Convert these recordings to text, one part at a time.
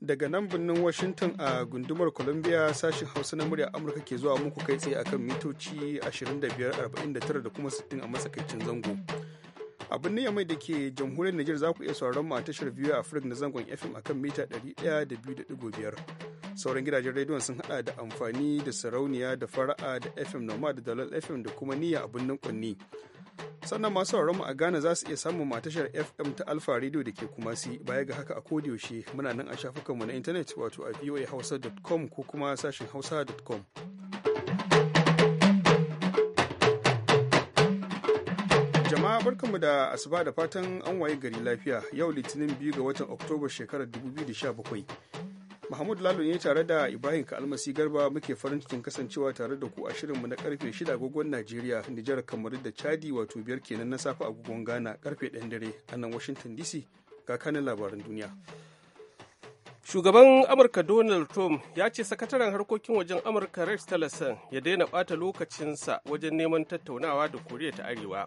daga nan birnin washington a gundumar columbia sashin hausa na murya amurka ke zuwa muku kai tsaye akan mitoci 2549 da kuma 60 a matsakaicin zango a birnin yamai da ke jamhuriyar niger za ku iya sauran mu a tashar biyu a na zangon fm akan mita 102.5 sauran gidajen rediyon sun hada da amfani da sarauniya da fara'a da fm noma da dalal fm da kuma niyya a birnin kunni sannan masu mu a ghana za su iya samun matashar fm ta alfa radio da ke kumasi baya ga haka a kodiyaushe muna nan a shafukanmu na intanet wato a voahausa.com ko kuma sashen hausa.com jama'a barkanmu da asuba da fatan an waye gari lafiya yau litinin biyu ga watan oktoba shekarar 2017 Mahmud Lalo ne tare da Ibrahim Kalmasi Garba muke farin cikin kasancewa tare da ku a shirin mu na karfe 6 agogon Najeriya, Nijar, kamar da Chadi wato biyar kenan na safa agogon Ghana karfe 1 dare a nan Washington DC ga kanin labaran duniya. Shugaban Amurka Donald Trump ya ce sakataren harkokin wajen Amurka Rex Tillerson ya daina ɓata lokacinsa wajen neman tattaunawa da Koriya ta Arewa.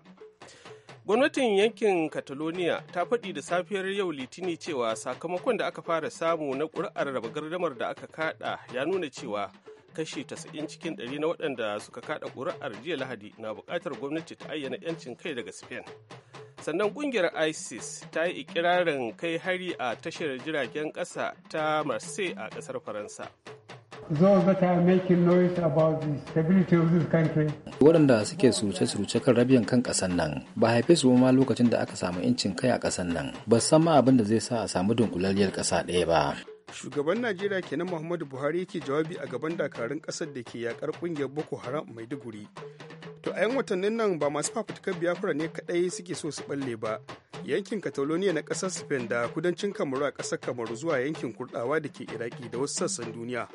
gwamnatin yankin catalonia ta faɗi da safiyar yau litini cewa sakamakon da aka fara samu na ƙuri'ar raba gardamar da aka kada ya nuna cewa kashi 90 cikin 100 na waɗanda suka kada ƙuri'ar jiya lahadi na buƙatar gwamnati ta ayyana 'yancin kai daga spain sannan ƙungiyar isis ta yi ikirarin kai hari a tashar jiragen ƙasa ta marseille a ƙasar faransa those that are making noise about the stability of this country. Waɗanda suke suruce-suruce kan rabiyan kan ƙasar nan ba haife su ma lokacin da aka samu incin kai a ƙasar nan ba san ma abin da zai sa a samu dunkulalliyar ƙasa ɗaya ba. Shugaban Najeriya kenan Muhammadu Buhari yake jawabi a gaban dakarun ƙasar da ke yakar ƙungiyar Boko Haram Maiduguri. To a 'yan watannin nan ba masu fafutukar biyafura ne kaɗai suke so su ɓalle ba. yankin catalonia na ƙasar spain da kudancin kamaru a ƙasar kamaru zuwa yankin kurɗawa da ke iraki da wasu sassan duniya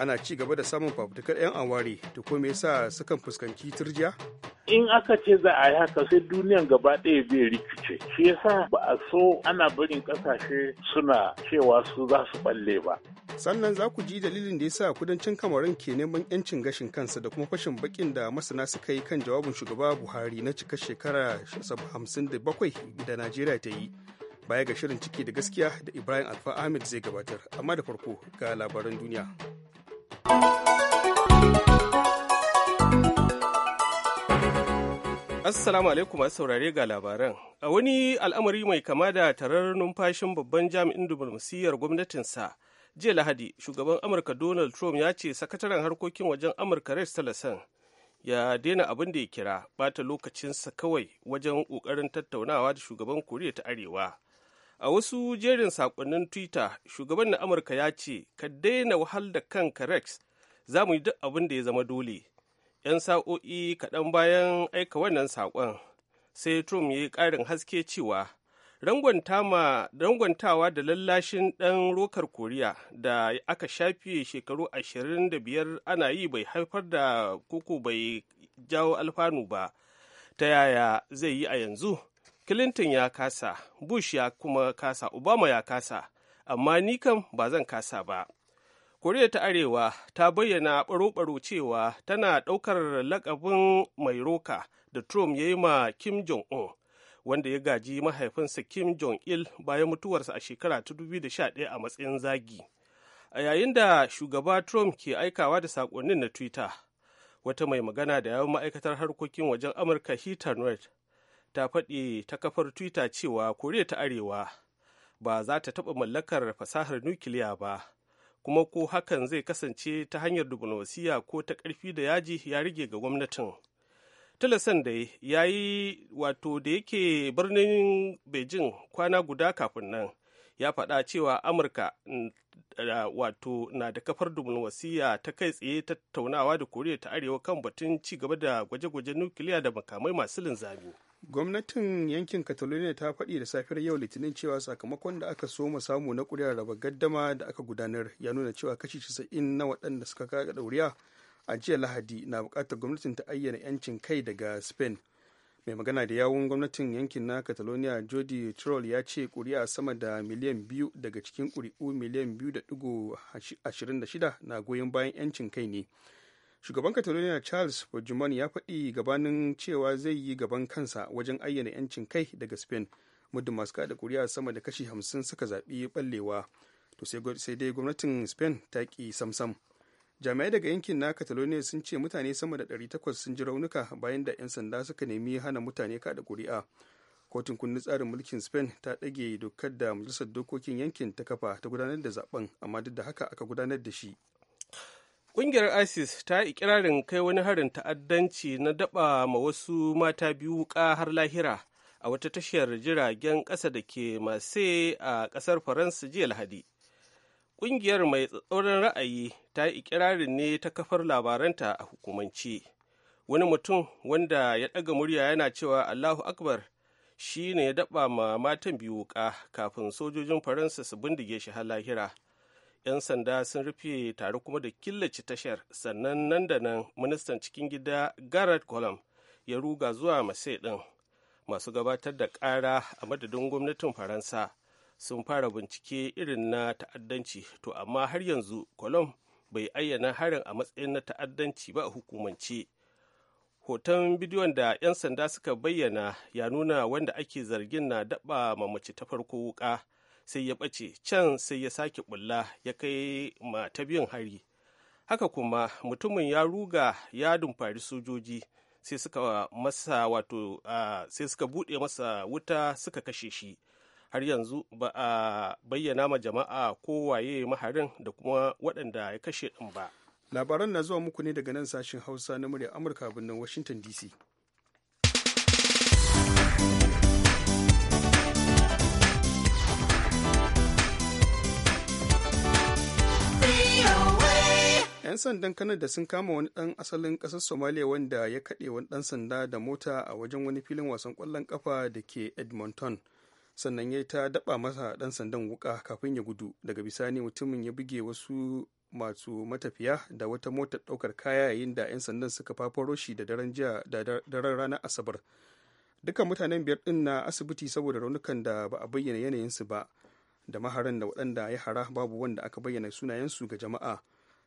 ana ci gaba da samun fafutukar 'yan aware to ko me yasa sukan fuskanci turjiya in aka ce za a yi haka sai duniyan gaba ɗaya zai rikice shi yasa ba a so ana barin ƙasashe suna cewa su za su balle ba sannan za ku ji dalilin da yasa kudancin kamarin ke neman yancin gashin kansa da kuma fashin bakin da masana suka yi kan jawabin shugaba buhari na cika shekara 57 da najeriya ta yi baya ga shirin ciki da gaskiya da ibrahim alfa ahmed zai gabatar amma da farko ga labaran duniya Assalamu alaikum masu saurare ga labaran. A wani al'amari mai kama da tarar numfashin babban jami'in diflomasiyyar gwamnatinsa, jiya Lahadi, shugaban Amurka Donald Trump ya ce sakataren harkokin wajen Amurka Rex Tillerson ya daina abin da ya kira bata lokacinsa kawai wajen ƙoƙarin tattaunawa da shugaban Koriya ta Arewa. a wasu jerin sakonnin twitter shugaban na amurka ya ce ka daina wahal da kanka rex za mu yi duk abin da ya zama dole 'yan sa'o'i kaɗan bayan aika wannan saƙon sai trump ya yi ƙarin haske cewa rangwantawa da lallashin ɗan rokar koriya da aka shafe shekaru ashirin da biyar ana yi bai haifar da koko bai jawo alfanu ba ta yaya zai yi a yanzu clinton ya kasa bush ya kuma kasa obama ya kasa amma ni kam ba zan kasa ba koriya ta arewa ta bayyana baro-baro cewa tana ɗaukar lakabin mai roka da trump ya yi ma kim jong-un wanda ya gaji mahaifinsa kim jong-il bayan mutuwarsa a shekara ta 2011 a matsayin zagi a yayin da shugaba trump ke aikawa da saƙonnin na twitter wata mai magana da yawon ma'aikatar harkokin wajen amurka heather ta faɗi ta kafar twitter cewa koriya ta arewa ba za ta taɓa mallakar fasahar nukiliya ba kuma ko hakan zai kasance ta hanyar diplomasiya ko ta ƙarfi da yaji ya rige ga gwamnatin tilasan da ya yi wato da yake birnin beijing kwana guda kafin nan ya faɗa cewa amurka mm, wato na da kafar diplomasiya ta kai tsaye tattaunawa da koriya ta arewa kan batun ci gaba da gwaje-gwajen nukiliya da makamai masu linzami. gwamnatin yankin catalonia ta faɗi da safiyar yau litinin cewa sakamakon da aka soma samu na ƙuri'ar raba gaddama da aka gudanar ya nuna cewa kashi 90 na waɗanda suka kaga ɗauriya a jiya lahadi na buƙatar gwamnatin ta ayyana 'yancin kai daga spain mai magana da yawun gwamnatin yankin na catalonia jody troll ya ce ƙuri'a sama da miliyan biyu daga cikin kuri'u miliyan biyu da na goyon bayan 'yancin kai ne shugaban catalonia charles puigdemont ya faɗi gabanin cewa zai yi gaban kansa wajen ayyana 'yancin kai daga spain muddin masu kada kuri'a sama da kashi 50 suka zaɓi ɓallewa to sai dai gwamnatin spain ta ƙi samsam jami'ai daga yankin na catalonia sun ce mutane sama da 800 sun ji raunuka bayan da 'yan sanda suka nemi hana mutane kada kuri'a kotun kundin tsarin mulkin spain ta ɗage dokar da majalisar dokokin yankin ta kafa ta gudanar da zaben amma duk da haka aka gudanar da shi Ƙungiyar ISIS ta yi ikirarin kai wani harin ta'addanci na daba ma wasu mata biyu wuka har lahira a wata tashar jiragen ƙasa da ke Marseille a ƙasar Faransa jiya Lahadi. Ƙungiyar mai tsatsauran ra'ayi ta yi ikirarin ne ta kafar labaranta a hukumance. Wani mutum wanda ya ɗaga murya yana cewa Allahu Akbar shi ne ya daba ma matan biyu wuƙa kafin sojojin Faransa su bindige shi har lahira. 'yan sanda sun rufe tare kuma da killace tashar sannan nan da nan ministan cikin gida garrett colum ya ruga zuwa masai din. masu gabatar da ƙara a madadin gwamnatin faransa sun fara bincike irin na ta'addanci to amma har yanzu colum bai ayyana harin a matsayin na ta'addanci ba a hukumance hoton bidiyon da 'yan sanda suka bayyana ya nuna wanda ake zargin na daɓa mamaci ta farko wuƙa sai ya ɓace can sai ya sake ɓulla ya kai ma ta biyun hari haka kuma mutumin ya ruga ya dumfari sojoji sai suka masa wato sai suka buɗe masa wuta suka kashe shi har yanzu ba a bayyana ma jama'a ko waye maharin da kuma waɗanda ya kashe ɗin ba labaran na zuwa muku ne daga nan sashen hausa na murya amurka birnin washington dc 'yan sandan kanada sun kama wani ɗan asalin kasar somaliya wanda ya kaɗe wani dan sanda da mota a wajen wani filin wasan kwallon ƙafa da ke edmonton sannan ya ta daba masa ɗan sandan wuka kafin ya gudu daga bisani mutumin ya buge wasu masu matafiya da wata motar ɗaukar kaya yayin da 'yan sandan suka fafaro shi da daren jiya da ranar asabar dukkan mutanen biyar din na asibiti saboda raunukan da ba a bayyana yanayinsu ba da maharan da waɗanda ya hara babu wanda aka bayyana sunayensu ga jama'a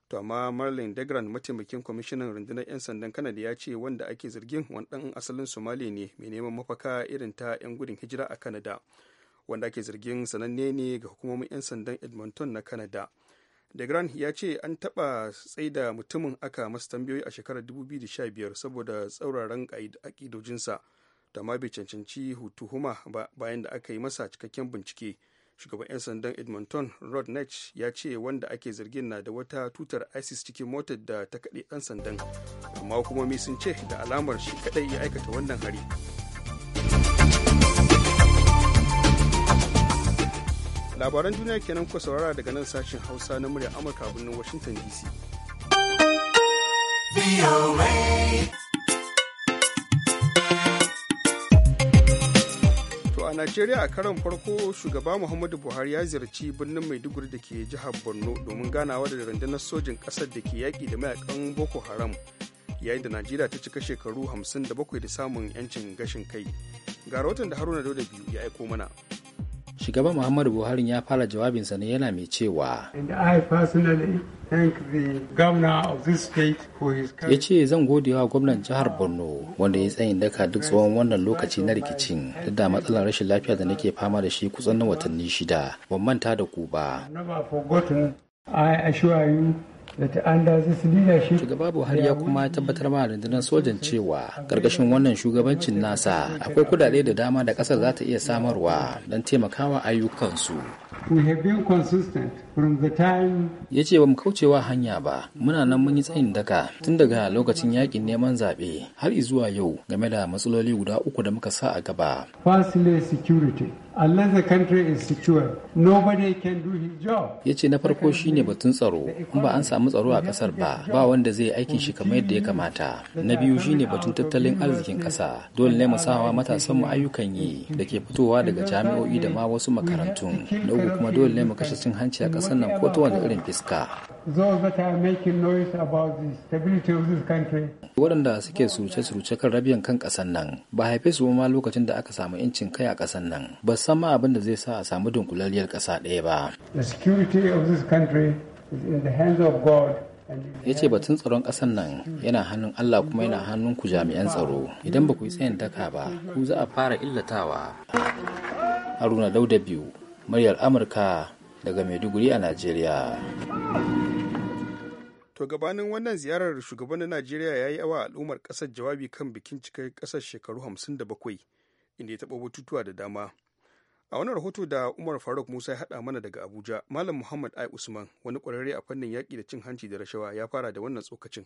to amma marlin degran mataimakin kwamishinan rundunar 'yan sandan kanada ya ce wanda ake zargin wani dan asalin somali ne mai neman mafaka irin ta 'yan gudun hijira a kanada wanda ake zargin sananne ne ga hukumomin 'yan sandan edmonton na kanada degran ya ce an taɓa tsaida mutumin aka masa tambayoyi a shekarar 2015 saboda tsauraran ƙa'idojinsa da ma bai cancanci tuhuma ba bayan da aka yi masa cikakken bincike shugaban 'yan sandan edmonton rod nech ya ce wanda ake zargin na da wata tutar isis cikin motar da ta kaɗe ɗan sandan amma hukumomi sun ce da alamar shi kaɗai ya aikata wannan hari labaran duniya kenan kuka saurara daga nan sashen hausa na murya amurka birnin washington dc a najeriya a karon farko shugaba muhammadu buhari ya ziyarci birnin maiduguri da ke jihar borno domin ganawa da rundunar sojin ƙasar da ke yaƙi da mayakan boko haram yayin da najeriya ta cika shekaru 57 da samun 'yancin gashin kai ga rahoton da haruna da biyu ya aiko mana Shugaba Muhammadu Buhari ya fara jawabinsa ne yana mai cewa. Ya ce zan gode wa gwamnan jihar Borno wanda ya tsayin daka duk tsawon wannan lokaci na rikicin duk da matsalar rashin lafiya da nake fama da shi kusan na watanni shida. Ban manta da ku ba. I Shugaba Buhari ya kuma tabbatar ma rundunar sojan cewa ƙarƙashin wannan shugabancin nasa akwai kudade da dama da ƙasar za ta iya samarwa don taimakawa ayyukansu. Ya ce ba mu kaucewa hanya ba, muna nan mun yi tsayin daka tun daga lokacin yakin neman zaɓe har zuwa yau game da matsaloli guda uku da muka sa a gaba. Ya ce na farko shine batun tsaro, in ba an samu tsaro a kasar ba, ba wanda zai aikin shi kamar yadda ya kamata. Na biyu shine batun tattalin arzikin kasa, dole ne mu matasan mu ayyukan yi da ke fitowa daga jami'o'i da ma wasu makarantun. Na uku kuma dole ne mu kashe cin hanci a kasar nan ko ta wani irin fiska. Waɗanda suke suruce-suruce kan rabiyan kan ƙasar nan, ba haife su ma lokacin da aka samu 'yancin kai a ƙasar nan, ba san ma abin da zai sa a samu dunkulalliyar ƙasa ɗaya ba. ya ce batun tsaron ƙasar nan yana hannun Allah kuma yana hannun ku jami'an tsaro idan ba ku yi tsayin daka ba ku za a fara illatawa haruna dauda biyu muryar amurka daga maiduguri a najeriya to gabanin wannan ziyarar shugaban na najeriya ya yi awa al'ummar ƙasar jawabi kan bikin cikar ƙasar shekaru 57 inda ya taɓa batutuwa da dama a wani rahoto da umar faruk musa ya haɗa mana daga abuja malam muhammad ai usman wani ƙwararre a fannin yaƙi da cin hanci da rashawa ya fara da wannan tsokacin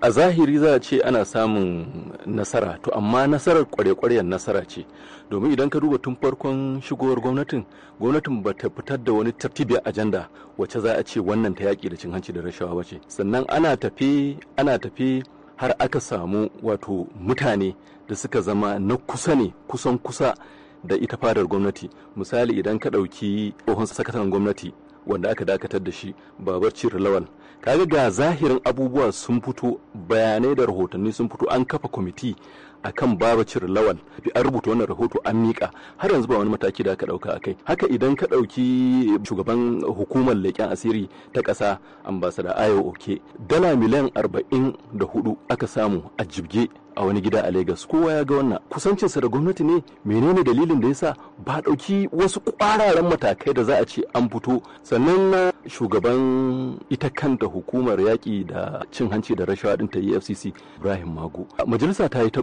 a zahiri za a ce ana samun nasara to amma nasarar kware-kwaryen nasara ce domin idan ka duba tun farkon shigowar gwamnatin gwamnatin ba ta fitar da wani tartibi ajanda wacce za a ce wannan ta yaƙi da cin hanci da rashawa ba ce sannan ana tafi ana tafi har aka samu wato mutane da suka zama na kusa ne kusan kusa da ita fadar gwamnati misali idan ka ɗauki tsohon sakataren gwamnati wanda aka dakatar da shi babar cire lawal kaga ga zahirin abubuwa sun fito bayanai da rahotanni sun fito an kafa kwamiti akan babacir lawal an rubuta wannan rahoto an miƙa har yanzu ba wani mataki da aka ɗauka a kai. haka idan ka ɗauki shugaban hukumar leƙen asiri ta ƙasa ambasada ayo oke dala miliyan arba'in da hudu aka samu a jibge a wani gida a Legas kowa ya ga wannan kusancinsa da gwamnati ne menene dalilin da yasa ba ɗauki wasu ƙwararen matakai da za a ce an fito sannan na shugaban ita kanta hukumar yaƙi da cin hanci da rashawa din ta EFCC Ibrahim Mago majalisa ta yi ta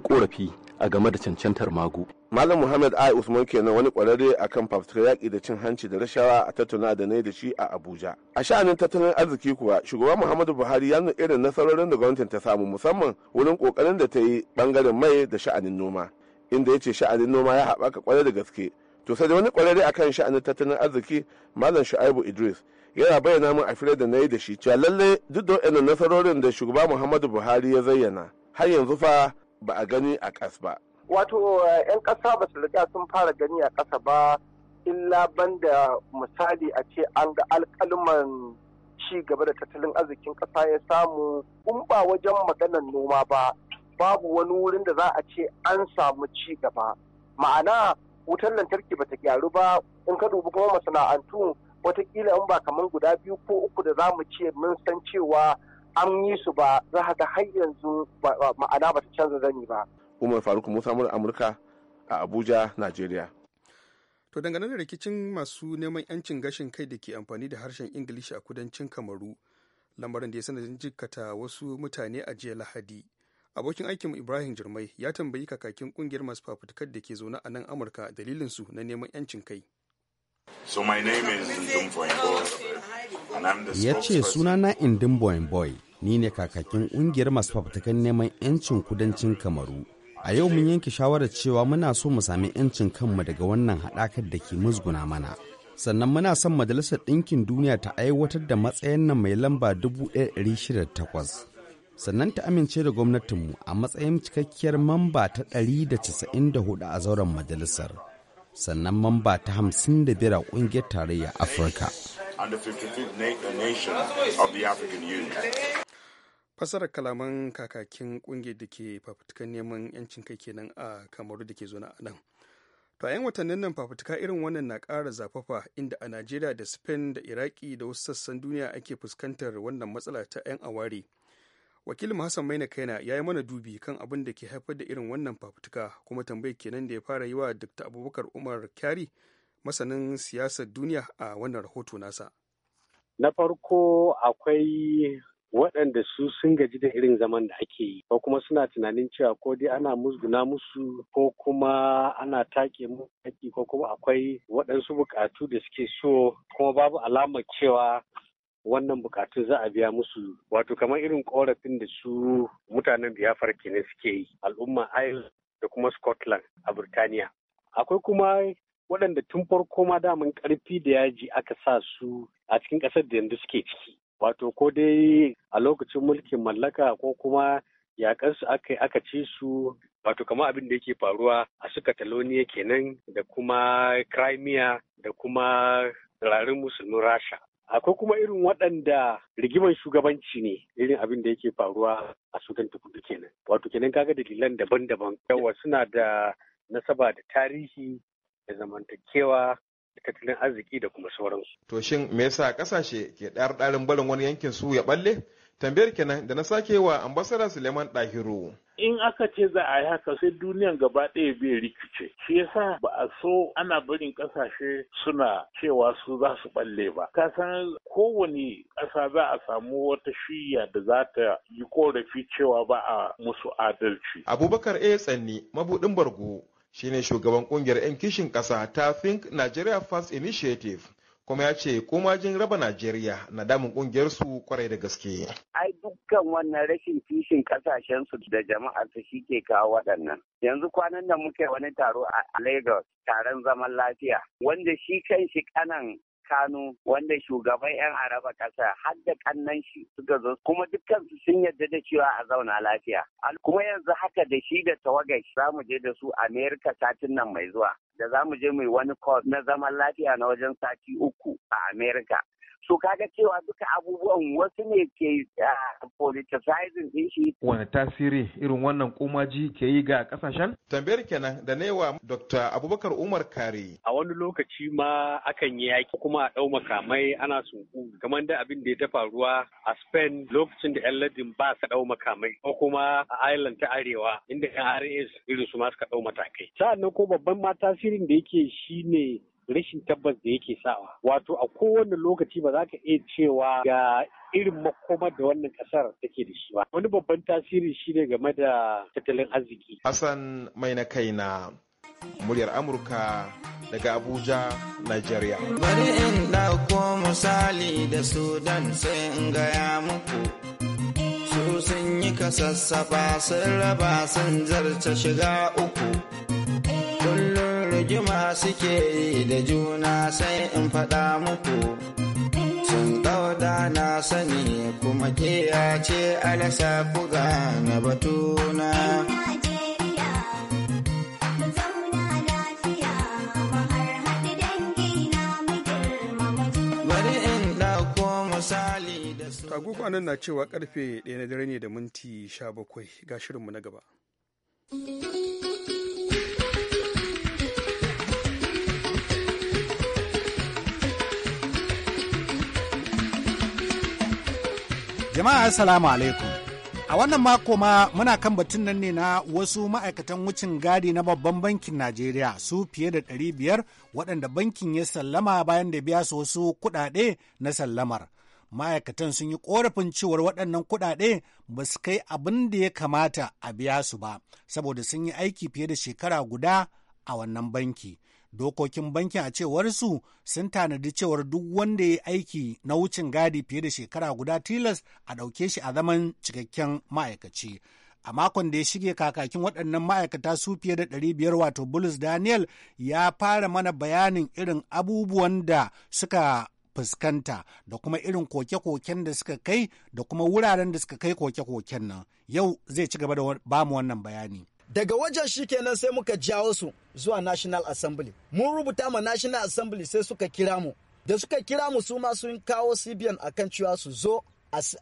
a game da cancantar magu. Malam Muhammad Ai Usman kenan wani kwararre akan fafutukar yaƙi da cin hanci da rashawa a tattauna da nai da shi a Abuja. A sha'anin tattalin arziki kuwa shugaba Muhammadu Buhari ya nuna irin nasarorin da gwamnatin ta samu musamman wurin ƙoƙarin da ta yi ɓangaren mai da sha'anin noma. Inda ya ce sha'anin noma ya haɓaka kwarai da gaske. To sai da wani kwararre akan sha'anin tattalin arziki Malam Shu'aibu Idris yana bayyana min a fira da na yi da shi cewa lallai duk da nasarorin da shugaba Muhammadu Buhari ya zayyana har yanzu fa ba a gani a ƙasa ba. Wato eh, 'yan ƙasa ba su riga sun fara gani a ƙasa ba illa banda misali a ce an ga alƙaluman ci gaba da tattalin arzikin ƙasa ya samu in ba wajen maganar noma ba babu wani wurin da za a ce an samu ci gaba ma'ana wutar lantarki ba ta gyaru ba in ka dubi kuma masana'antu watakila in ba kamar guda biyu ko uku da za mu ce mun san cewa an yi su ba za ga har yanzu ma'ana ba ta canza zani ba. Umar Faruk Musa Amurka a Abuja, Najeriya. To dangane da rikicin masu neman 'yancin gashin kai da ke amfani da harshen Ingilishi a kudancin Kamaru, lamarin da ya sanadin jikkata wasu mutane a jiya Lahadi. Abokin aikin Ibrahim Jirmai ya tambayi kakakin kungiyar masu fafutukar da ke zaune a nan Amurka dalilinsu na neman 'yancin kai. So my name is ya ce sunana indin boy ni ne kakakin ƙungiyar masu fafutukan neman 'yancin kudancin kamaru a yau mun yanke shawarar cewa muna so mu sami 'yancin kanmu daga wannan haɗakar da ke musguna mana sannan muna son majalisar ɗinkin duniya ta aiwatar da matsayin nan mai lamba 1608 sannan ta amince da gwamnatinmu a matsayin cikakkiyar mamba ta 194 a zauren majalisar sannan mamba ta 55 a ƙungiyar tarayyar afirka and fasarar kalaman kakakin kungiyar da ke fafutukan neman yancin kai kenan a kamaru da ke zona a nan to a 'yan watannin nan fafutuka irin wannan na ƙara zafafa inda a najeriya da spain da iraki da wasu sassan duniya ake fuskantar wannan matsala ta 'yan aware wakilin hassan maina kaina ya yi mana dubi kan abin da ke haifar da irin wannan fafutuka kuma tambayi kenan da ya fara yi wa dr abubakar umar kyari masanin siyasar duniya a wannan rahoto nasa na farko akwai waɗanda su sun gaji da irin zaman da ake yi ko kuma suna tunanin cewa ko dai ana musguna musu ko kuma ana take mu haƙi ko kuma akwai waɗansu buƙatu da suke so kuma babu alamar cewa wannan bukatun za a biya musu wato kamar irin korafin da su mutanen biyafar kenan suke yi al'umma Isle da kuma Scotland a birtaniya Akwai kuma waɗanda tun farko ma daman ƙarfi da yaji aka sa su a cikin ƙasar da yanzu suke ciki. wato ko dai a lokacin mulkin mallaka ko kuma yaƙarsu aka ci su wato kama abin da yake faruwa a su Kataloniya kenan da kuma Crimea da kuma tsirarin musulmin Rasha. Akwai kuma irin waɗanda rigiman shugabanci ne irin abin da yake faruwa a Sudan ta kudu kenan. Wato kenan kaga dalilan daban-daban. Yawa suna da nasaba da tarihi da zamantakewa tattalin arziki da kuma sauransu. To shin me yasa kasashe ke ɗarɗarin barin wani yankin su ya balle? Tambayar kenan da na sake wa ambasada Suleiman Dahiru. in aka ce za a yi haka sai duniyan gaba ɗaya bai rikice shi yasa ba a so ana barin ƙasashe suna cewa su za su balle ba ka san kowane ƙasa za a samu wata shiya da za ta yi korafi cewa ba a musu adalci abubakar a tsanni mabuɗin bargo shine shugaban kungiyar 'yan kishin ƙasa ta Think Nigeria First Initiative kuma ya ce komajin raba Najeriya na damun kungiyar su kwarai da gaske. Ai dukkan wannan rashin kishin kasashen su da jama'ar su ke kawo waɗannan. Yanzu kwanan da muke wani taro a Lagos taron zaman lafiya wanda shi kan shi kanan Kano wanda shugaban 'yan Araba ƙasa har da kannan shi suka zo kuma dukkansu sun yarda da cewa a zauna lafiya. Kuma yanzu haka da shi da tawagar za mu je da su Amerika satin nan mai zuwa. Da za mu je mu yi wani course na zaman lafiya na wajen sati uku a Amerika. so ga cewa duka abubuwan wasu ne ke ah, politicizing din shi wani tasiri irin wannan kumaji ke yi ga kasashen tambayar kenan da newa dr abubakar umar kare a wani lokaci ma akan yi yaki kuma a ɗau makamai ana sunku kamar da abin da ya ta faruwa a spain lokacin da yan ladin ba su ɗau makamai ko kuma a ireland ta arewa inda yan rs irin su ma suka ɗau matakai sa'annan ko babban ma tasirin da yake shine rashin tabbas da yake sawa wato a kowane lokaci ba za ka iya cewa ga irin makomar da wannan kasar take da shi ba wani babban tasiri shi ne game da tattalin arziki hassan mai na kai na muryar amurka daga abuja Najeriya. bari in dauko misali da sudan sai in gaya muku su sun yi kasassafa sun raba sun zarce shiga uku rigima suke yi da juna sai in faɗa muku. Sun ɗauda na sani kuma kiya ce alasa buga na batuna. Bari in ɗauko misali da Agogo nan na cewa karfe ɗaya na dare ne da minti sha ga shirinmu na gaba. Jama'a assalamu alaikum. A wannan mako ma muna kan batun nan ne na wasu ma'aikatan wucin gadi na babban bankin Najeriya su fiye da ɗari biyar waɗanda bankin ya sallama bayan da biya su wasu kuɗaɗe na sallamar. Ma'aikatan sun yi ƙorafin cewar waɗannan kuɗaɗe ba su kai abin da ya kamata a biya su ba, saboda sun yi aiki fiye da shekara guda a wannan banki. dokokin bankin a cewarsu sun tanadi cewar duk wanda ya aiki na wucin gadi fiye da shekara guda tilas a ɗauke shi a zaman cikakken ma'aikaci. a makon da ya shige kakakin waɗannan ma'aikata su fiye da 500 wato bulus daniel ya fara mana bayanin irin abubuwan da suka fuskanta da kuma irin koke-koken da suka kai da kuma wuraren da suka kai koke-koken nan yau zai ci gaba da bamu wannan bayani daga wajen shi kenan sai muka jawo su zuwa national assembly mun rubuta ma national assembly sai suka kira mu da suka kira mu su ma sun kawo cbn akan cewa su zo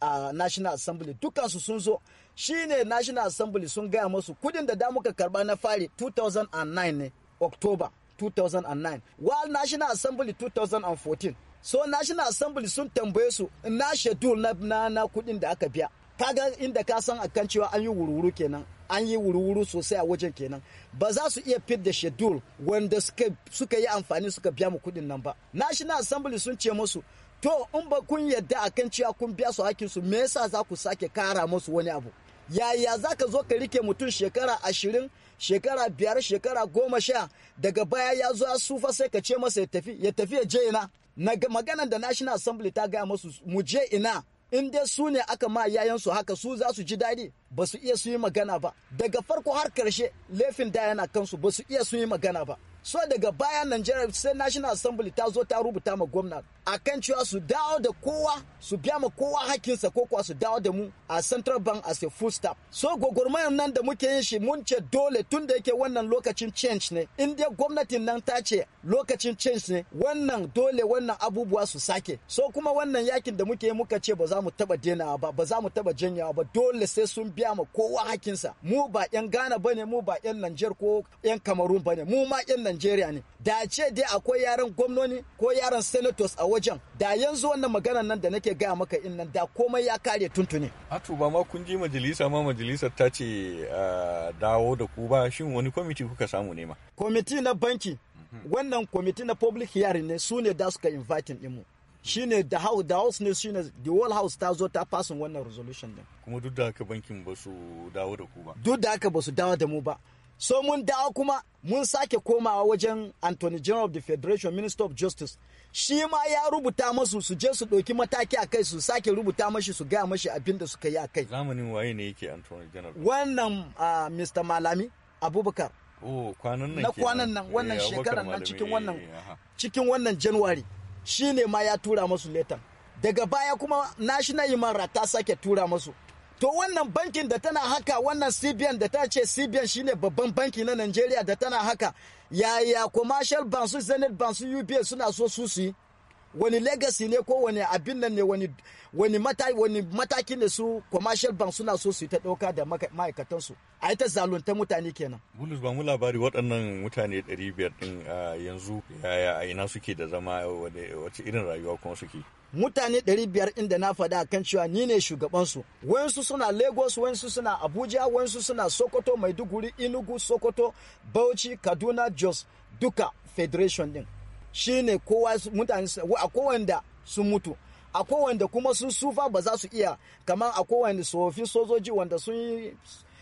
a national assembly dukansu sun zo shine national assembly sun gaya masu kudin da da muka karba na fari 2009 ne october 2009 while national assembly 2014 so national assembly sun tambaye su na shedul na na, kudin da aka biya kaga inda ka san akan cewa an yi wurwuru kenan an yi wuri-wuri sosai a wajen kenan ba za su iya fit da shedul wanda suka yi amfani suka biya mu kudin nan ba national assembly sun ce musu to in ba kun yadda kan cewa kun biya su hakkin su me yasa za ku sake kara musu wani abu yaya za ka zo ka rike mutum shekara ashirin shekara biyar shekara goma sha daga baya ya zo ya sufa sai ka ce masa ya tafi ya tafi ya je ina na maganan da national assembly ta gaya musu mu je ina in dai su ne aka ma yayansu haka su za su ji daɗi ba su iya su yi magana ba daga farko har karshe laifin da yana kansu ba su iya su yi magana ba so daga baya Najeriya sai National Assembly ta zo ta rubuta ma gwamna a kan cewa su dawo da kowa su biya ma kowa hakinsa ko kuwa su dawo da mu a Central Bank as a full stop so gwagwarmayar nan da muke yin shi mun ce dole tun da yake wannan lokacin change ne in dai gwamnatin nan ta ce lokacin change ne wannan dole wannan abubuwa su sake so kuma wannan yakin da muke yi muka ce ba za mu taba denawa ba ba za mu taba janyawa ba dole sai sun biya ma kowa hakinsa mu ba yan Ghana bane mu ba yan Niger ko yan Cameroon bane mu ma yan Najeriya ne da a ce dai akwai yaran gwamnoni ko yaran senators a wajen da yanzu wannan magana nan da nake gaya maka in nan da komai ya kare tuntuni hatu ba ma kun ji majalisa ma majalisar ta ce dawo da ku ba shin wani kwamiti kuka samu ne ma kwamiti na banki wannan kwamiti na public hearing ne su ne da suka inviting din mu shine da house da shi ne the whole house ta zo ta fasin wannan resolution din kuma duk da haka bankin ba su dawo da ku ba duk da haka ba su dawo da mu ba so mun dawo kuma mun sake komawa wajen Anthony General of the Federation Minister of Justice shi ma ya rubuta masu su je su ɗauki mataki a kai su sake rubuta mashi su gaya mashi abin da suka yi a kai. Zamanin waye ne yake Anthony General? Wannan uh, ah, Mr. Malami Abubakar. Oh, kwanan nan Na kwanan nan wannan eh, shekarar nan cikin wannan eh, cikin wannan January shi ne ma ya tura masu letan. Daga baya kuma National Human Rights ta sake tura masu. to wannan bankin da tana haka wannan cbn da ta ce cbn shine babban banki na najeriya da tana haka yaya commercial bank su zenith bank su uba suna so su su yi wani legacy ne ko wani abin nan ne wani mataki ne su commercial bank suna so su yi ta ɗauka da ma'aikatansu a yi ta zalunta mutane kenan. Bulus ba mu labari waɗannan mutane 500 ɗin yanzu yaya a ina suke da zama wace irin rayuwa kuma suke. Mutane 500 inda na faɗa kan cewa ni ne shugabansu. Wayansu suna Lagos, wayansu suna Abuja, wayansu suna Sokoto, Maiduguri, Enugu, Sokoto, Bauchi, Kaduna, Jos, duka Federation ɗin. shi ne kowa mutane su a kowanda sun mutu a kowanda kuma sun sufa ba za su iya kamar a kowanda tsofi sojoji wanda sun yi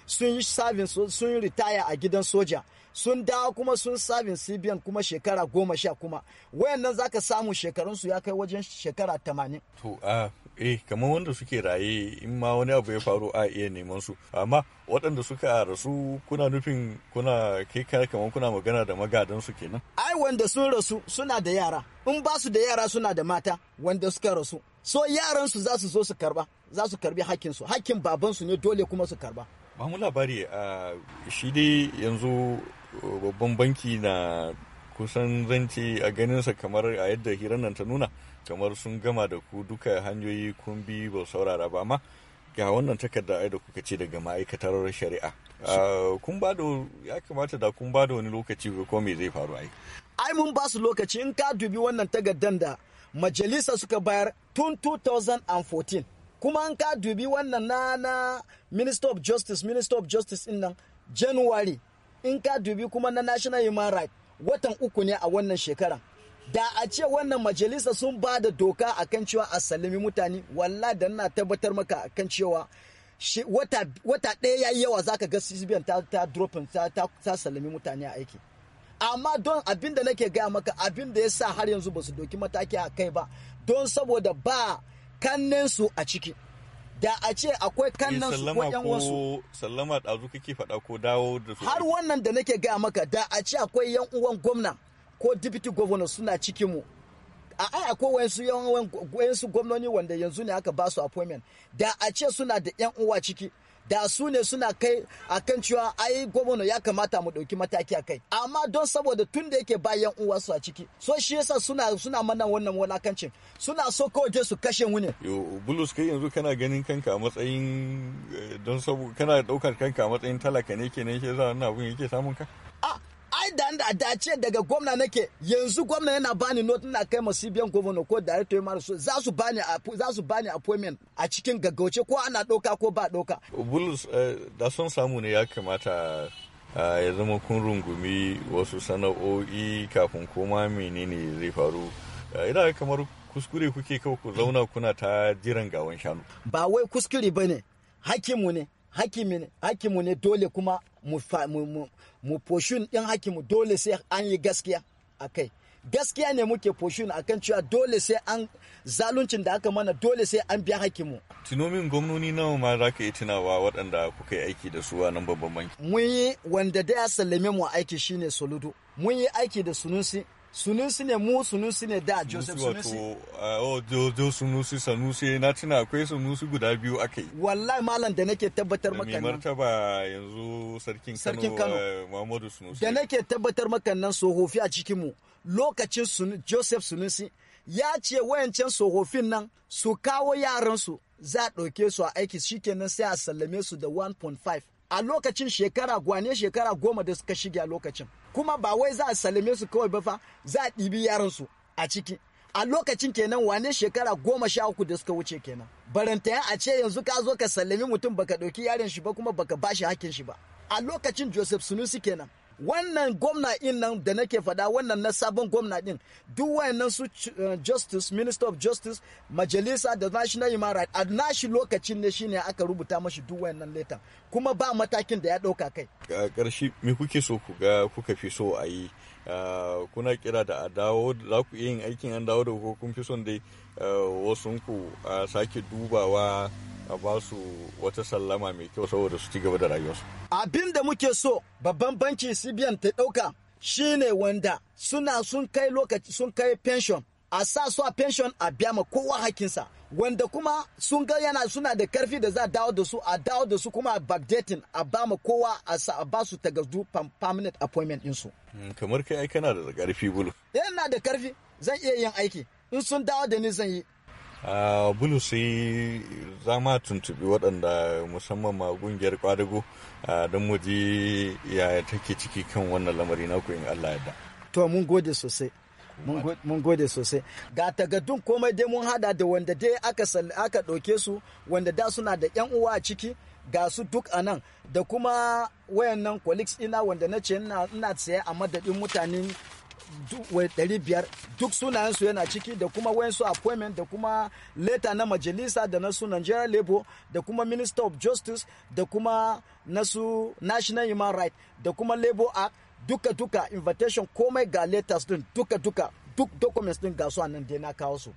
sun sabin sun yi ritaya a gidan soja sun dawo kuma sun sabin cbn kuma shekara goma sha kuma wayannan zaka samu shekarunsu ya kai wajen shekara tamanin. to ah, eh kamar wanda suke raye in ma wani abu ya faru a iya neman su amma waɗanda suka rasu kuna nufin kuna kai kamar kuna magana da magadan su kenan ai wanda sun rasu suna da yara in ba su da yara suna da mata wanda suka rasu so yaran su za su zo su karba za su karbi hakkin su hakkin baban su ne dole kuma su karba ba mu labari a shi dai yanzu uh, babban banki na kusan zance a ganin sa kamar a yadda hirar nan ta nuna kamar sun gama da ku duka hanyoyi kun bi ba saurara ba ma ga wannan takarda da kuka ce daga ma'aikatar shari'a ah, kun ba ya kamata da kun ba da wani lokaci ko me zai faru ai ai mun ba su lokaci in ka dubi wannan takardar da majalisa suka bayar tun 2014 kuma an ka dubi wannan na na minister of justice minister of justice in nan january in ka dubi kuma na national human rights watan uku ne a wannan shekaran da a ce wannan majalisa sun ba da doka a kan cewa a sallami mutane walla da na tabbatar maka a kan cewa wata ɗaya ya yi yawa za ka ga cbn ta dropin ta sallami mutane a aiki amma don abin da nake gaya maka abin da ya sa har yanzu ba su doki mataki a kai ba don saboda ba kannensu a ciki da a ce akwai eh, kannan su ko yan wasu sallama ɗazu kake faɗa ko dawo da har wannan da nake gaya maka da a ce akwai yan uwan gwamna ko deputy governor suna cikin mu a ai akwai wayansu wayansu gwamnoni wanda yanzu ne aka ba su appointment da a ce suna da yan uwa ciki da su ne suna kai a kan cewa ai gwamnati ya kamata mu ɗauki mataki a kai amma don saboda tun da yake bayan uwa su a ciki so shi yasa suna suna mana wannan wulakancin suna so kawai je su kashe mu yo bulus kai yanzu kana ganin kanka a matsayin eh, don saboda kana daukar kanka a matsayin talaka ne kenan shi yasa wannan abun yake samun ka da dace daga gwamna nake yanzu gwamna yana bani note na kai biyan gwamna ko director mara so za su bani za su bani appointment a cikin gaggauce ko ana doka ko ba doka bulus eh, da son samu ne ya kamata eh, ya zama kun rungumi wasu sana'o'i kafin koma menene zai faru eh, ina kamar kuskure kuke kawai ku zauna kuna ta jiran gawan shanu ba wai kuskure bane hakimu ne hakimu ne dole kuma mu poshun ɗin hakimu dole sai an yi gaskiya a kai gaskiya ne muke poshun a kan cewa dole sai an zaluncin da aka mana dole sai an biya hakimu tunomin gwamnoni nawa ma za ka yi tunawa waɗanda kuka yi aiki da su a nan babban banki mun yi wanda da ya sallame mu aiki shine soludo mun yi aiki da sunusi sunusi ne mu sunusi ne da joseph sunusi wato jojo eh, oh, sunusi sanusi na tuna akwai sunusi guda biyu aka yi wallahi malam da nake tabbatar maka nan martaba yanzu sarkin kano eh, muhammadu sunusi da nake tabbatar maka nan sohofi a cikin mu lokacin joseph sunusi ya ce wayancan sohofin nan su kawo yaransu za a ɗauke su a aiki shikenan sai a sallame su da 1.5 a lokacin shekara gwane shekara goma da suka shige a lokacin kuma ba wai za a salame su kawai ba fa za a ɗibi yaransu a ciki a lokacin kenan wane shekara goma sha uku da suka wuce kenan barantaya a ce yanzu ka zo ka sallami mutum baka ɗauki yaran shi ba kuma baka bashi hakin shi ba a lokacin joseph sunusi kenan wannan gwamna in nan da nake faɗa wannan na sabon gwamna din duk wayannan su eh, justice minister of justice majalisa da national human rights a nashi lokacin ne shine aka rubuta mashi duk wayannan letan kuma ba matakin da ya ɗauka kai a ƙarshe me kuke so ku ga kuka fi so a yi kuna kira da a dawo za ku iya yin aikin an dawo da ko kun fi son dai eh, wasu ku sake dubawa a ba su wata sallama mai kyau saboda su ci gaba da rayuwarsu. Abin da muke so babban banki CBN ta ɗauka ne wanda suna sun kai lokaci sun kai pension a sa su a pension a biya ma kowa hakinsa wanda kuma sun ga yana suna da karfi da za a dawo da su a dawo da su kuma a backdating a ba ma kowa a sa ba su takardu permanent appointment ɗinsu. Hmm, kamar kai ai kana da karfi bulu. yana da karfi zan iya yin aiki in sun dawo da ni zan yi bulu sai za ma tuntuɓi waɗanda musamman ma ƙungiyar kwadago don mu ji yaya take ciki kan wannan lamari na in Allah yadda. To mun gode sosai. mun gode sosai ga tagadun komai dai mun hada da wanda dai aka ɗauke su wanda da suna da yan uwa a ciki ga su duk a nan da kuma wayannan colleagues ina wanda na ce ina saya a madadin mutanen ɗari biyar duk sunayensu yana ciki da kuma wayansu appointment da kuma leta na majalisa da na Nigeria Labour da kuma Minister of Justice da kuma nasu National Human Rights da kuma Labour Act duka-duka invitation komai ga letters din duka-duka duk documents din ga su a dai na kawo su.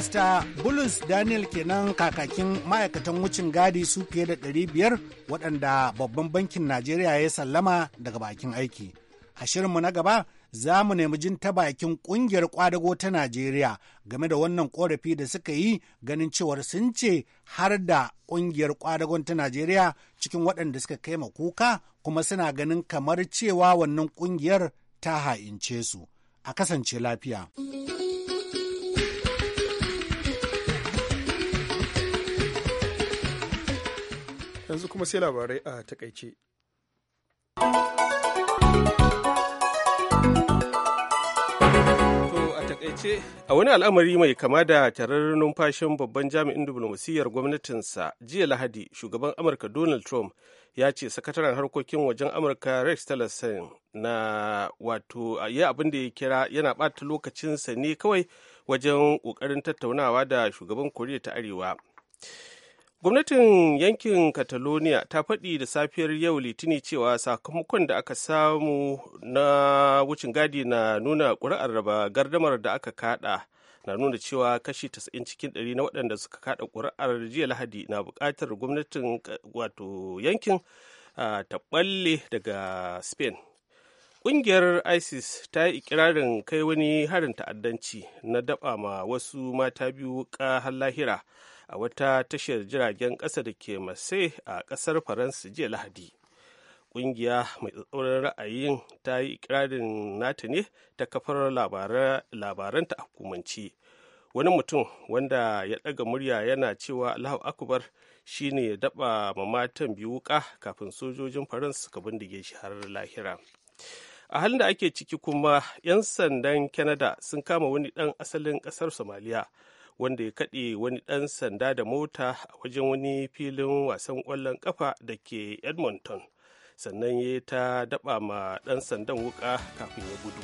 Mr. Bulus Daniel kenan kakakin ma'aikatan wucin gadi su fiye da 500 waɗanda babban bankin Najeriya ya sallama daga bakin aiki. A shirinmu na gaba za mu nemi jin ta bakin ƙungiyar ƙwadago ta Najeriya game da wannan ƙorafi da suka yi ganin cewar sun ce har da ƙungiyar ƙwadagon ta Najeriya cikin waɗanda suka kai ma kuka kuma suna ganin kamar cewa wannan ƙungiyar ta ha'ince su. A kasance lafiya. yanzu kuma sai labarai a takaice a wani al'amari mai kama da tarar numfashin babban jami'in diplomasiyyar gwamnatinsa jiya lahadi shugaban amurka donald trump ya ce sakataren harkokin wajen amurka rex tillerson na wato ya abin da ya kira yana ɓata lokacinsa ne kawai wajen ƙoƙarin tattaunawa da shugaban koriya ta arewa gwamnatin yankin catalonia ta faɗi da safiyar yau litini cewa sakamakon da aka samu na wucin gadi na nuna ƙuri'ar raba gardamar da aka kada na nuna cewa kashi 90 cikin 100 na waɗanda suka kada ƙuri'ar jiya lahadi na buƙatar gwamnatin wato yankin ta ɓalle daga spain Ƙungiyar ISIS ta yi ikirarin kai wani harin ta'addanci na daba ma wasu mata biyu har lahira a wata tashar jiragen ƙasa da ke mase a ƙasar faransa jiya lahadi ƙungiya mai tsatsauran ra'ayin ta yi ikirarin nata ne ta kafar labaranta a hukumance wani mutum wanda ya ɗaga murya yana cewa allahu akbar shine ya daba ma matan biyu wuƙa kafin sojojin faransa ka bindige shi har lahira a halin da ake ciki kuma 'yan sandan canada sun kama wani ɗan asalin ƙasar somaliya wanda ya kaɗe wani ɗan sanda da mota a wajen wani filin wasan ƙwallon ƙafa da ke edmonton sannan ya ta daɓa ma ɗan sandan wuƙa kafin ya gudu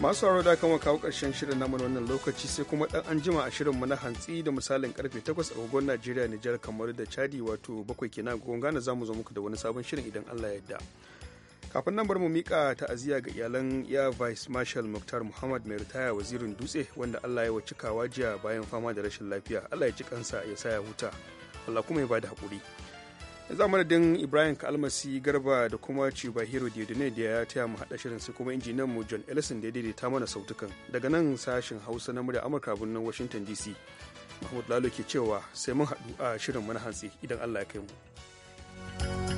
masu sauraro da kama kawo ƙarshen shirin namun wannan lokaci sai kuma ɗan an jima a shirinmu na hantsi da misalin karfe 8 a gogon najeriya nijar kamar da chadi wato bakwai kenan agogon ghana za mu zo muku da wani sabon shirin idan allah ya yarda kafin nan bar mu mika ta'aziyya ga iyalan ya vice marshal muktar muhammad mai ritaya wazirin dutse wanda allah ya wa cikawa jiya bayan fama da rashin lafiya allah ya ci kansa ya sa ya huta allah kuma ya bada haƙuri za mu radin ibrahim kalmasi garba da kuma cibahiro diodone da ya taya mu haɗa shirin su kuma injiniyan mu john ellison da ya daidaita mana sautukan daga nan sashen hausa na murya amurka birnin washington dc mahmud lalo ke cewa sai mun haɗu a shirin mana hantsi idan allah ya kai mu.